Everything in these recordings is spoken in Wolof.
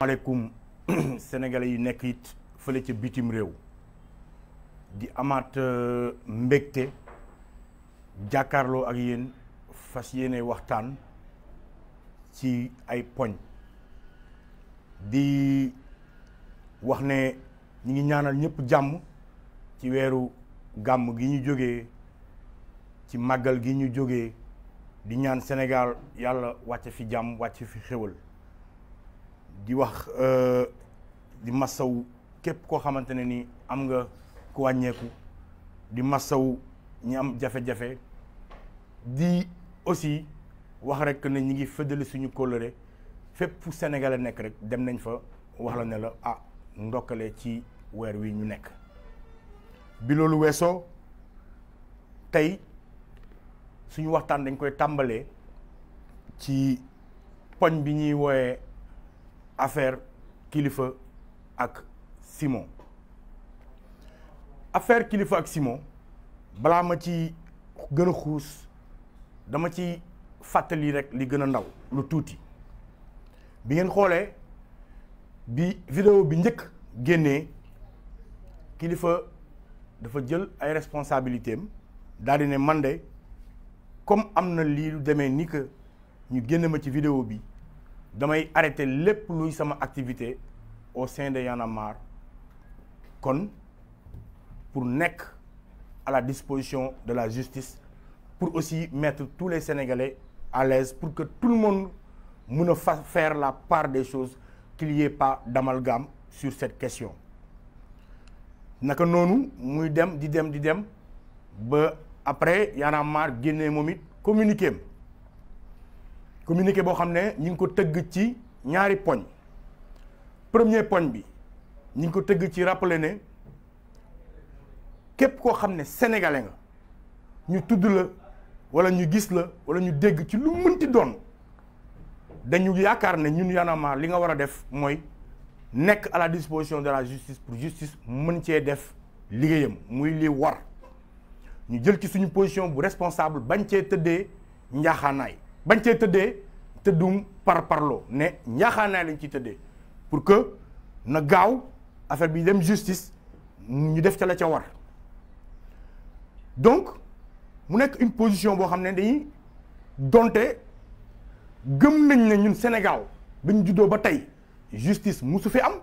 maaleykum senegal yi nekk it fële ci bitim réew di amaat euh, mbégte jàkkaarloo ak yéen fas yéene waxtaan ci ay poñ di wax ne ñi ngi ñaanal ñëpp jàmm ci weeru gàmm gi ñu jógee ci màggal gi ñu jógee di ñaan senegal yàlla wàcc fi jàmm wàcc fi xéwal di wax euh, di massaw képp koo xamante ne ni am nga ku wàññeeku di massaw ñi am jafe-jafe di aussi wax rek na ñi ngi fëddali suñu kóllëre fépp fu Sénégalais nekk rek dem nañ fa wax la ne la ah ndokkale ci weer wi ñu nekk bi loolu weesoo tey suñu waxtaan dañ koy tàmbalee ci poñ bi ñuy wooyee affaire kilifa ak Simon affaire kilifa ak Simon balaa ma ci gën a xuus dama ci fàttali rek li gën a ndaw lu tuuti bi ngeen xoolee bi vidéo bi njëkk génnee kilifa dafa jël ay responsabilités am daal di ne man de comme am na lii lu demee ni que ñu génn ma ci vidéo bi damay arrêter lépp luy sama activité au sein de Y'en a kon pour nekk à la disposition de la justice pour aussi mettre tous les Sénégalais à l'aise pour que tout le monde mën a fas fair la part des choses qu'il n'y ait pas sur cette question naka noonu muy dem di dem di dem ba après Y en a génnee moom it communiqué am communiqué boo xam ne ñu ngi ko tëgg ci ñaari poñ premier poñ bi ñu ngi ko tëgg ci rappelé ne képp koo xam ne sénégalais nga ñu tudd la wala ñu gis la wala ñu dégg ci lu mënti doon dañu yaakaar ne ñun Y'en li nga war a def mooy nekk à la disposition de la justice pour justice mën cee def liggéeyam muy li war ñu jël ci suñu position bu responsable bañ cee tëddee njaaxaanaay bañ cee tëddee tëddum par parloo ne njaaxaanaay lañ ciy tëddee pour que na gaaw affaire bi dem justice ñu def ca la ca war donc mu nekk une position boo xam ne dañuy donte. gëm nañ ne ñun Sénégal ba ñu juddoo ba tey justice musu fi am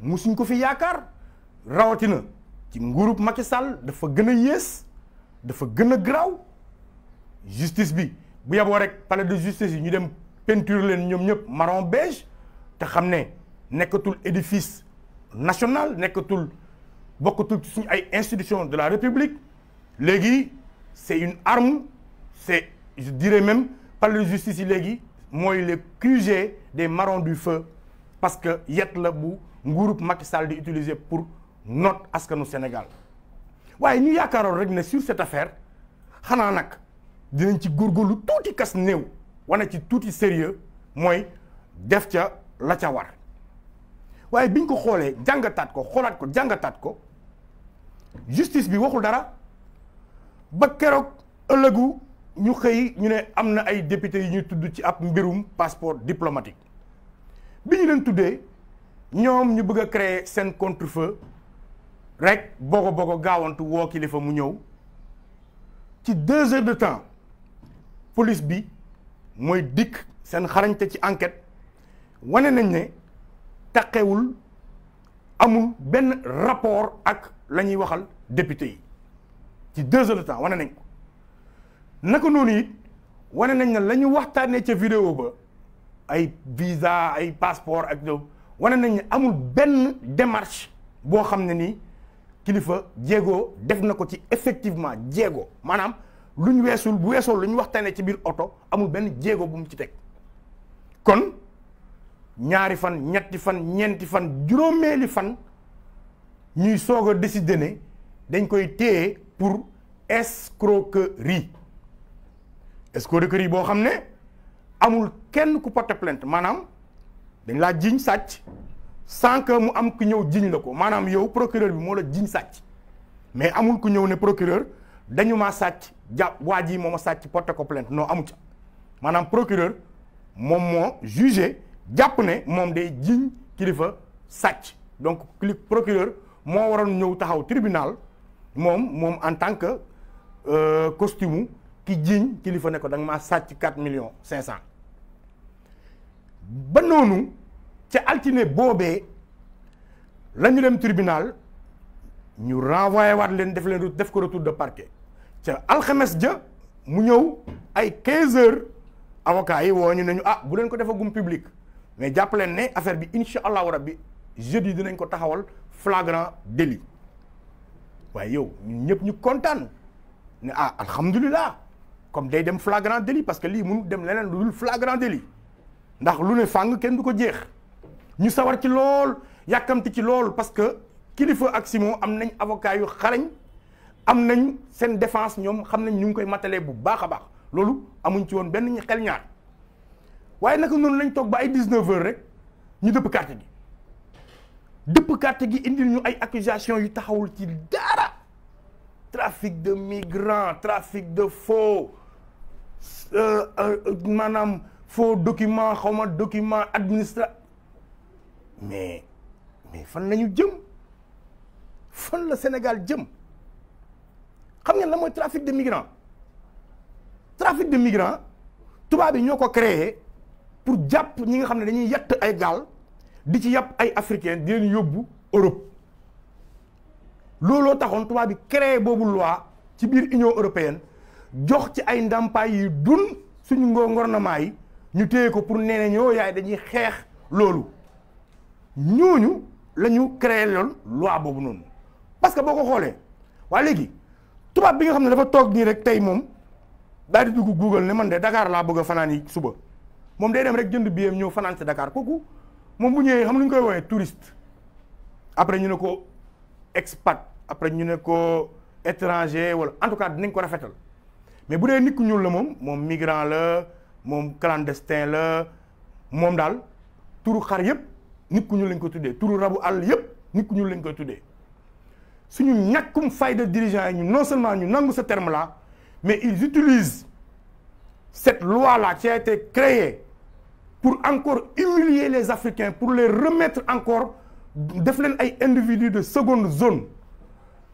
musuñ ko fi yaakaar rawatina ci nguurub Macky Sall dafa gën a yées dafa gën a garaaw justice bi bu yaboo rek palais de justice yi ñu dem penture leen ñoom ñëpp marron beige te xam ne nekkatul édifice national nekkatul bokkatul ci suñu ay institutions de la république léegi c'est une arme c'est je dirais même palais justice yi léegi mooy le QG des marrons du feu parce que yet la bu nguurub Macky Sall di utiliser pour noot askanu Sénégal waaye ñu yaakaaroon rek ne sur cette affaire xanaa nag dinañ ci góorgóorlu tuuti kas néew wane ci tuuti sérieux mooy def ca la ca war waaye biñ ko xoolee jàngataat ko xoolaat ko jàngataat ko justice bi waxul dara ba keroog ëllëgu ñu xëy ñu ne am na ay député yu ñu tudd ci ab mbirum passeport diplomatique bi ñu leen tuddee ñoom ñu bëgg a créer seen contre-feu rek bogo bogo gaawantu woo kilifa mu ñëw ci deux heures de temps police bi mooy dikk seen xarañte ci enquête wane nañ ne taqewul amul benn rapport ak la ñuy waxal député yi ci deux heures de temps wane nañ ko naka noonu it wane nañ ne lañu waxtaanee ca vidéo ba ay visa ay passeport ak do wane nañ ne amul benn démarche boo xam ne ni kilifa jéego def na ko ci effectivement jéego maanaam lu ñu weesul bu weesoo lu waxtaanee ci biir oto amul benn jéego bu mu ci teg kon ñaari fan ñetti fan ñeenti fan juróomeeli fan ñuy soog a décider dañ koy téye pour ri est ce que escroquerie boo xam ne amul kenn ku porter plainte maanaam dañ laa jiiñ sàcc sans mu am ki ñëw jiiñ la ko maanaam yow procureur bi moo la jiñ sàcc mais amul ku ñëw ne procureur dañu maa sàcc jàpp waa ji moo ma sàcc porter ko plainte noo amu ca maanaam procureur moom moo jugé jàpp ne moom day jiñ kilifa sàcc donc li procureur moo waroon ñëw taxaw tribunal moom moom en tant que euh, costume ki jiiñ kilifa ne ko da nga maa sàcc quatre millions cinq cent ba noonu ca altine boobee la leen dem tribunal ñu renvoyé waat leen def leen def ko retour de parquet ca alxemes ja mu ñëw ay 15 heures avocats yi woo ñu ne ñu ah bu leen ko defagum public mais jàpp leen ne affaire bi incha allahu rabbi jeudi dinañ ko taxawal flagrant délit waaye yow ñun ñëpp ñu kontaan ne ah alhamdulilah. comme day dem flagrant délit parce que lii mënul dem leneen lu dul flagrant délit ndax lu ne fàng kenn du ko jeex ñu sawar ci lool yàkkamti ci lool parce que kilifa ak Simon am nañ avocat yu xarañ am nañ seen défense ñoom xam nañ ñu ngi koy matalee bu baax a baax loolu amuñ ci woon benn ñi xel ñaar waaye naka noonu lañ toog ba ay 19 heures rek ñu dëpp carte gi dëpp carte gi indil ñu ay accusation yu taxawul ci dara trafic de migrants trafic de faux Euh, euh, maanaam faux document xaw ma document administratif mais mais fan lañu jëm fan la Sénégal jëm xam ngeen la mooy trafic de migrants trafic de migrants tubaab yi ñoo ko créer pour jàpp ñi nga xam ne dañuy yett ay gaal di ci yàpp ay africain di leen yóbbu Europe looloo taxoon tubaab bi créé boobu loi ci biir Union européenne jox ci ay ndàmpaay yu dun suñu ngornement yi ñu téye ko pour nee na ñoo yaay dañuy xeex loolu ñooñu la ñu créé loolu loi boobu noonu parce que boo ko xoolee waa léegi tubaab bi nga xam ne dafa toog nii rek tey moom daal di dugg Google ne man de dakaar laa bëgg a fanaan yi suba moom day dem rek jënd billet ñëw fanaan si dakaar kooku moom mu ñëwee xam lu ñu koy woowee touriste après ñu ne ko expat après ñu ne ko étranger wala en tout cas dinañ ko rafetal mais bu dee nit ku ñuul la moom moom migrant la moom clandestin la moom daal turu xar yëpp nit ñuul lañ ko tuddee turu rabu àll yëpp nit ku ñuul lañ koy tuddee suñu ñàkkum fayda dirigeant yi ñu non seulement ñu nangu sa terme là mais ils utilisent cette loi là qui a été pour encore humilier les Africains pour les remettre encore def leen ay individus de seconde zone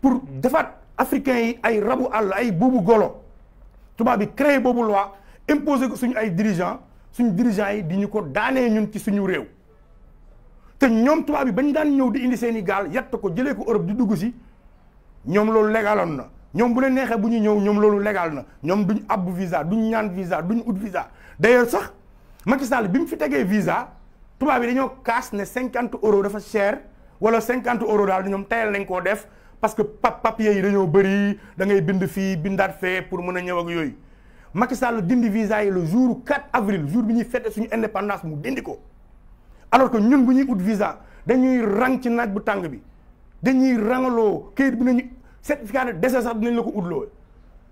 pour defaat africains yi ay rabu àll ay buubu golo tubaab yi créé boobu loi imposé ko suñu ay dirigeants suñu dirigeants yi di ñu ko daanee ñun ci suñu réew te ñoom tubaab bi bañ daan ñëw di indi seen i gaal yatt ko jëlee ko Europe di dugg si ñoom loolu légaloon na ñoom bu leen neexee bu ñu ñëw ñoom loolu légal na ñoom duñ abbu visa duñ ñaan visa duñ ut visa d'ailleurs sax Macky Sall bi mu fi tegee visa tubaab yi dañoo kaas ne cinquante euros dafa cher wala cinquante euros daal ñoom tayal nañ koo def parce que pap papier yi dañoo bëri dangay bind fii bindaat fee pour mën a ñëw ak yooyu Macky Sall dindi visa yi le jour 4 avril jour bi ñuy fête suñu indépendance mu dindi ko alors que ñun bu ñuy ut visa dañuy rang ci naaj bu tàng bi dañuy rangaloo kayit bi nañu certificat de décès sax dinañ la ko utloo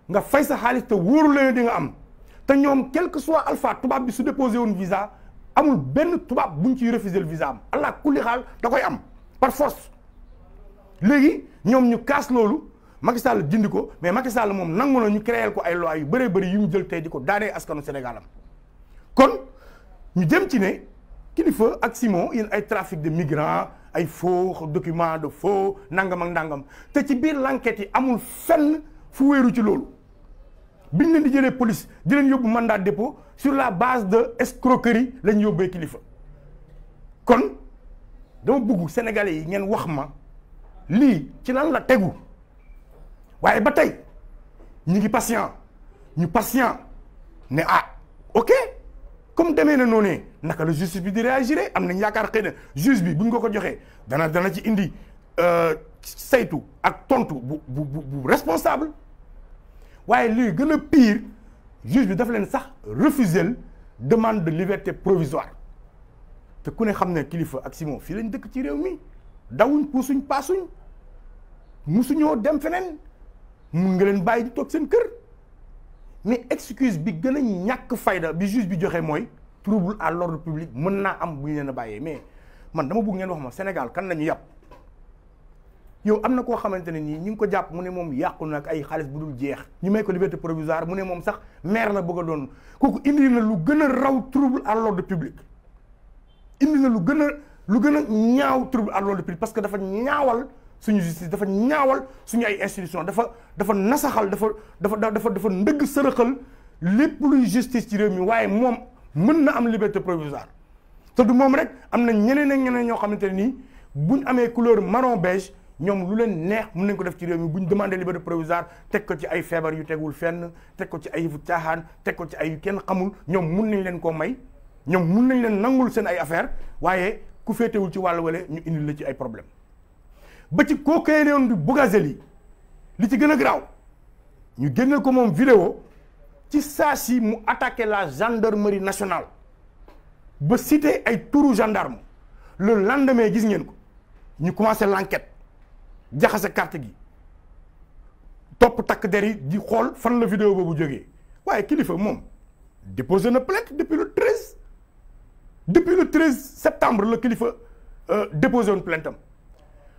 nga fay sa xaalis te wóoru la di am te ñoom quelque que alpha tubaab bi su déposé woon visa amul benn tubaab bu ñu ciy refusé le visa am allah kulli da koy am par force. léegi ñoom ñu kaas loolu Macky Sall dindi ko mais Macky Sall moom nangu na ñu créer ko ay loi yu bëree bëri yu ñu jël tey di ko daanee askanu Sénégalam kon ñu jëm ci ne Kilifeu ak Simon yéen ay trafic de migrants ay faux document de faux nangam ak nangam te ci biir l'enquête yi amul fenn fu wéeru ci loolu biñ leen di jëlee police di leen yóbbu mandat dépôt sur la base de escroquerie lañ yóbbee kilifa kon dama bëgg sénégalais yi ngeen wax ma. lii ci lan la tegu waaye ba tey ñu ngi patient ñu patient ne ah ok comme demee na noone naka la justice bi di réagir am nañ yaakaar xëy na bi buñ ko ko joxee dana dana ci indi euh, saytu ak tontu bu bu bu responsable waaye luy gën a pire juge bi dafa leen sax refuser demande de liberté provisoir te ku ne xam ne kilifa ak Simon fii lañ dëkk ci réew mi. dawuñ puusuñ paasuñ musuñoo dem feneen mun nga leen bàyyi di toog seen kër mais excuse bi gën a ñàkk fayda bi juge bi joxe mooy trouble à l'ordre public mën naa am bu ñu leen bàyyee mais man dama bëgg ngeen wax ma Sénégal kan nañu yàpp yow am na koo xamante ne nii ñu ngi ko jàpp mu ne moom yàqu nag ay xaalis bu dul jeex ñu may ko liberté provisoire mu ne moom sax maire na bëgg a doon kooku indi na lu gën a raw trouble à l'ordre public indi na lu gën a lu gën a ñaaw trouble à l'ordre public parce que dafa ñaawal suñu justice dafa ñaawal suñu ay institution dafa dafa nasaxal dafa dafa dafa dafa ndëgg sërëxal lépp luy justice ci réew mi waaye moom mën na am liberté provisoire te du moom rek am na ñeneen ak ñeneen ñoo xamante ne nii buñ amee couleur marron beige ñoom lu leen neex mun nañ ko def ci réew mi buñ demandé liberté provisoire teg ko ci ay feebar yu tegul fenn teg ko ci ay yëfu caaxaan teg ko ci ay kenn xamul ñoom mun nañ leen koo may ñoom mun nañ leen nangul seen ay affaire waaye ku féetewul ci wàllu wale ñu indi la ci ay problème ba ci koo koy leen di Bougazelli li ci gën a garaaw ñu génne ko moom vidéo ci saa si mu attaqué la gendarmerie nationale ba cité ay turu gendarme la lendemain gis ngeen ko ñu commencé l'enquête jaxase carte gi topp takk der yi di xool fan la vidéo boobu jógee waaye kilifa moom déposé na plainte depuis le depuis le 13 septembre la kilifa euh, déposé woon plainte am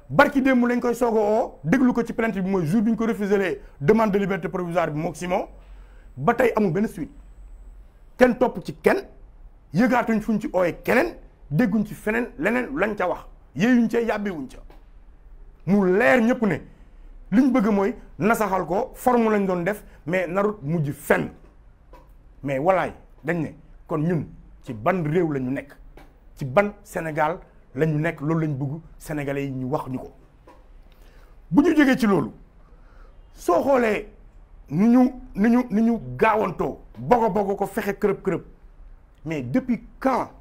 barki démb lañ koy soogoo a déglu ko ci plainte bi mooy jour bi ñu ko refusé demande de liberté provisoire bi mook Simon ba tey amul benn suite kenn topp ci kenn yëgaatuñ fuñ ci ooyee keneen dégguñ ci feneen leneen lañ ca wax yéeyuñ ca yàbbiwuñ ca mu leer ñëpp ne liñ bëgg mooy nasaxal ko forme lañ doon def mais narut mujj fenn mais walaay dañ ne kon ñun. ci ban réew lañu nekk ci ban Sénégal la ñu nekk loolu la bugg bëgg yi ñu wax ñu ko bu ñu jógee ci loolu soo xoolee ni ñu ni ñu ni ñu gaawantoo bogo bogo ko fexe kërëb kërëb mais depuis quand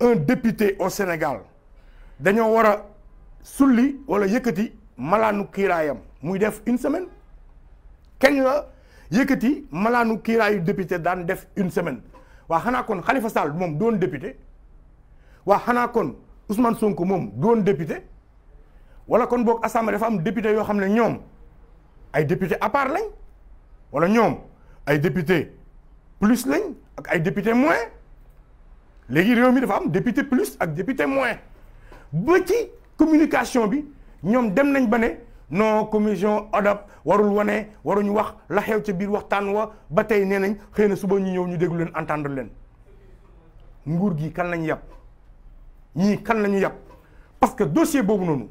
un député au Sénégal dañoo war a sulli wala yëkkati malaanu kiiraayam muy def une semaine kenn la yëkkati malaanu kiiraayu député daan def une semaine waa xanaa kon Khalifa Sall moom doon député waa xanaa kon Ousmane Sonko moom doon député wala kon boog assemblée dafa am député yoo xam ne ñoom ay député à part lañ wala ñoom ay député plus lañ ak ay député moins léegi réew mi dafa am député plus ak député moins ba ci communication bi ñoom dem nañ ba ne. non commission ODAP warul wane waruñu wax la xew ca biir waxtaan wa ba tey nee nañ xëy na suba ñu ñëw ñu déglu leen entendre leen nguur gi kan lañu yàpp ñii kan lañu yàpp parce que dossier boobu noonu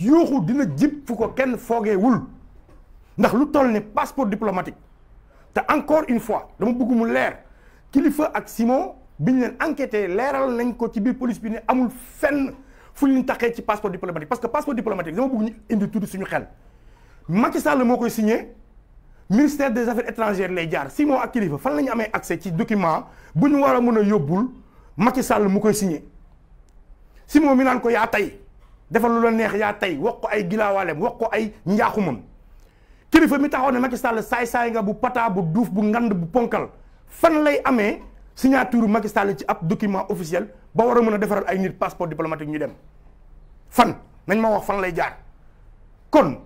yooxu dina jib fu ko kenn foogeewul ndax lu toll ne passeport diplomatique te encore une fois dama bëgg leer kilifa ak Simon biñ leen enquêté leeral nañ ko ci biir police bi ne amul fenn fu ñu taxee ci passeport diplomatique parce que passeport diplomatique dama bëgg ñu indi tuuti suñu xel Macky Sall moo koy signé ministère des affaires étrangères lay jaar Simon ak kilifa fan la ñu amee accès ci document bu ñu war a mën a yóbbul Macky Sall mu koy signé Simon mi naan ko yaa tey defal lu la neex yaa tey wax ko ay gilaawaaleem wax ko ay njaaxumam kilifa mi taxaw ne Macky Sall saay-saay nga bu pataa bu duuf bu ngand bu ponkal fan lay amee signature Macky Sall ci ab document officiel ba war a mën a defaral ay nit passeport diplomatique ñu dem fan nañ ma wax fan lay jaar kon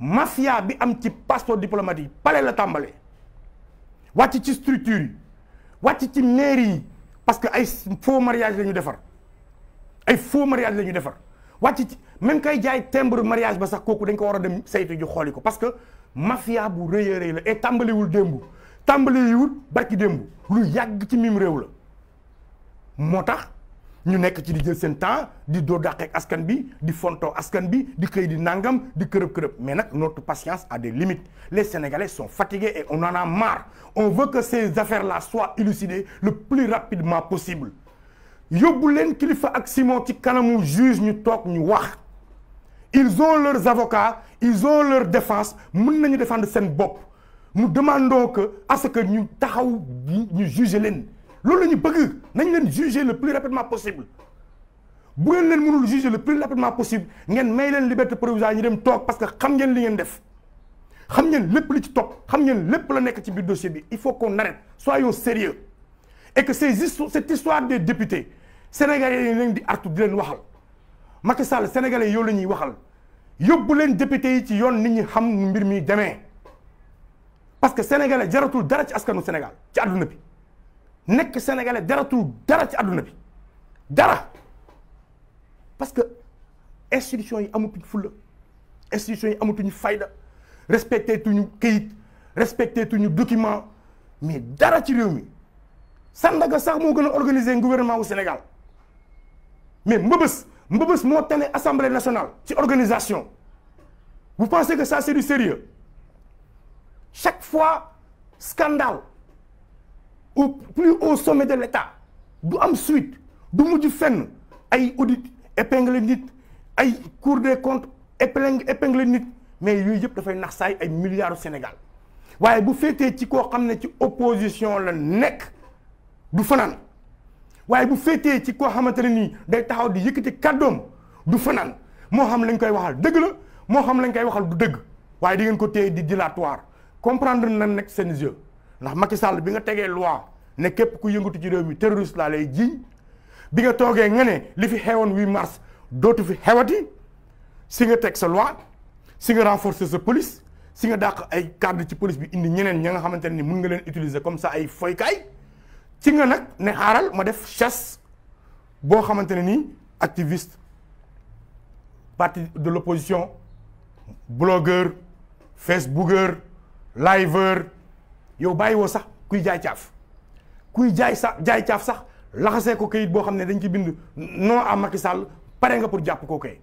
mafia bi am ci passeport diplomatique pale la tàmbale wàcc ci structure yi wàcc ci mairie yi parce que ay faux mariage la ñu defar ay faux mariage la ñu defar wàcc ci même koy jaay timbre mariage ba sax kooku dañ ko war a dem saytu ji xooli ko parce que mafia bu rëy rëy la et tàmbaliwul démb tàmbalewul barki démb lu yàgg ci miim réew la moo tax ñu nekk ci di jël seen temps di doo dàqeek askan bi di fontoo askan bi di këy di nangam di kërëb kërëb mais nag notre patience a des limites les sénégalais sont fatigués et on en a marre on veut que ces affaires là soient élucidées le plus rapidement possible yóbbu leen kilifa ak Simon ci kanamu juge ñu toog ñu wax ils ont leurs avocats ils ont leur défense mën nañu défendre seen bopp nous demandons que à ce que ñu taxaw ñu juger leen loolu la ñu bëgg nañ leen juger le plus rapidement possible bu ngeen leen mënul juger le plus rapidement possible ngeen may leen liberté provisoire ñu dem toog parce que xam ngeen li ngeen def xam ngeen lépp li ci top xam ngeen lépp la nekk ci biir dossier bi il faut qu'on arrête soyons sérieux et que ces histo cette histoire des députés sénégalais yi leen di artu di leen waxal Macky Sall sénégalais yow la ñuy waxal yóbbu leen député yi ci yoon nit ñi xam mbir mi demee parce que sénégalais jaratul dara ci askanu Sénégal ci àdduna bi. nekk sénégalais daratul dara ci àdduna bi dara parce que institution yi amatuñ fulla institution yi amatuñu fayda respecté tuñu kayit respecté tuñu document mais dara ci réew mi Sandaga sax moo gën a organiser gouvernement wu Sénégal mais mbëbës mbëbës moo tane assemblée nationale ci organisation vous pensez que ça c'est du sérieux chaque fois scandale au plus haut sommet de l'État du am suite du mujj fenn ay audit épingle nit ay cour des comptes épingle nit mais yooyu yëpp dafay nax saay ay milliards Sénégal waaye bu féetee ci koo xam ne ci opposition la nekk du fanaan waaye bu féetee ci koo xamante ne nii day taxaw di yëkkati kàddoom du fanaan moo xam lañ koy waxal dëgg la moo xam lañ koy waxal du dëgg waaye di ngeen ko téye di dilatoire comprendre nan nekk seen jeu ndax Macky Sall bi nga tegee loi ne képp ku yëngatu ci réew mi terroriste laa lay jiiñ bi nga toogee nga ne li fi xewoon 8 mars dootu fi xewati si nga teg sa loi si nga renforcer sa police si nga dàq ay cadre ci police bi indi ñeneen ña nga xamante ne ni mun nga leen utiliser comme ça ay foykaay si nga nag ne xaaral ma def chasse boo xamante ne nii activiste parti de l'opposition blogueur facebooker liveur yow bàyyiwoo sax kuy jaay caaf kuy jaay sax jaay caaf sax laxasee ko kayit boo xam ne dañ ci bind non à Macky Sall pare nga pour jàpp koo kay